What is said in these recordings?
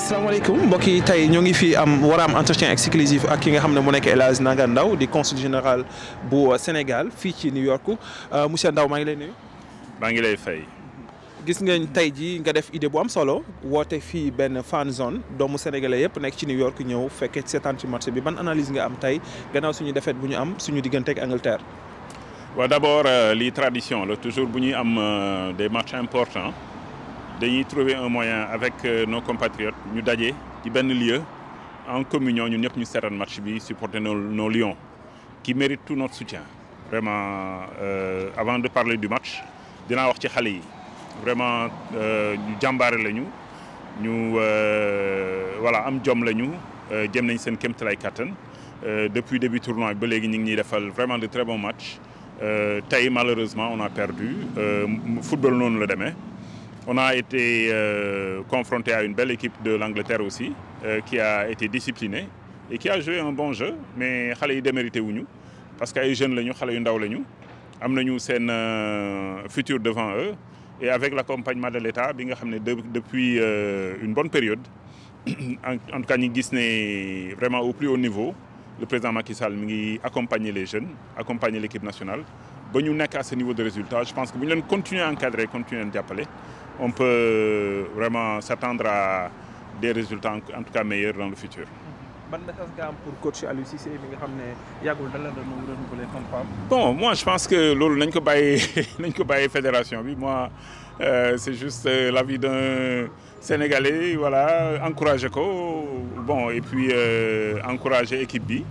asalaamaaleykum mbokk yi tey ñoo ngi fi am war a am entretien exclusif ak ki nga xam ne mu nekk El Hadj Nanga Ndao di consul général bu euh, Sénégal fii ci New York euh, monsieur Ndao maa ngi lay nuyu. maa ngi lay fay. gis ngeen tey jii nga def idée bu am solo woote fii benn fan zone doomu sénégalais yëpp nekk ci New York ñëw fekkee seetaan ci match bi ban analyse nga am tey gannaaw suñu defet bu ñu am suñu diggante ak Angleterre. waaw d' abord euh, lii tradition la toujours bu ñuy am des matchs importants. dañuy trouver un moyen avec euh, nos compatriotes ñu daje ci benn lieu en communion ñu ñëpp ñu seetaan match bi supporter nos nos lions qui méritent tout notre soutien vraiment euh, avant de parler du match dinaa wax ci xale yi vraiment euh, ñu jàmbaare lañu ñu euh, voilà am jom lañu jëm nañ seen kéemtalaay kàttan depuis début tournoi ba léegi ñu ngi ñuy defal vraiment de très bons matchs tey malheureusement on a perdu football noonu la demee. On a été euh, confronté à une belle équipe de l'Angleterre aussi, euh, qui a été disciplinée et qui a joué un bon jeu, mais xale yi démérité wuñu parce que ay jeunes lañu xale yu ndaw lañu am na nañu seen euh, futur devant eux et avec l'accompagnement de l'État bi nga xam ne depuis euh, une bonne période en, en tout cas ñu gis ne vraiment au plus haut niveau le président Macky Sall mi ngi accompagner les jeunes accompagner l'équipe nationale ba ñu nekk à ce niveau de résultat je pense que bu ñu leen continuer encadrer continuer leen jàppale on peut euh, vraiment s'attendre des résultats en tout cas meilleurs dans le futur. Mm-hmm. ban message nga xam ne yàggul dana la doon renouveler comme bon moi je pense que loolu nañ ko bàyyi nañ ko bàyyi fédération bi moi euh, c' est juste euh, l'avis d'un Sénégalais voilà encourager ko bon et puis euh, encourager équipe bi.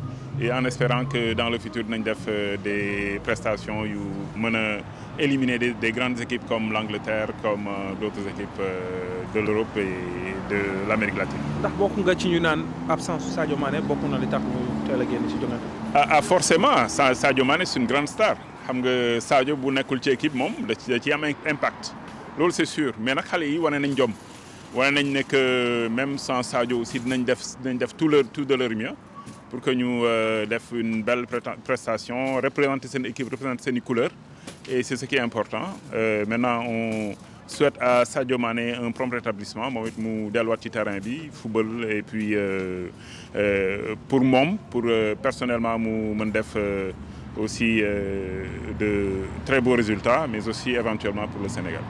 et en espérant que dans le futur nañ def euh, des prestations yu mën a éliminer des, des grandes équipes comme l'Angleterre comme euh, d'autres équipes euh, de l'Europe et de l'Amérique latine. ndax bokk nga ci ñu naan absence su Sadio Mané bokk na li tax ñu teel a génn ci joŋante. Ah, ah forcément Sadio Mané c'est une grande star xam nga Sadio bu nekkul ci équipe moom da ci am impact loolu c'est sur mais nag xale yi wane nañ jom wane nañ ne que même sans Sadio aussi dinañ def dinañ def tout leur de leur pour que ñu euh, def une belle prestation représenter seen équipe représenter seeni couleur et c'est ce qui est important euh, maintenant on souhaite à Sadio Mané un prompt rétablissement moom it mu delluwaat ci terrain bi football et puis euh, moom pour personnellement mu man def aussi de très beaux résultats mais aussi éventuellement pour le Sénégal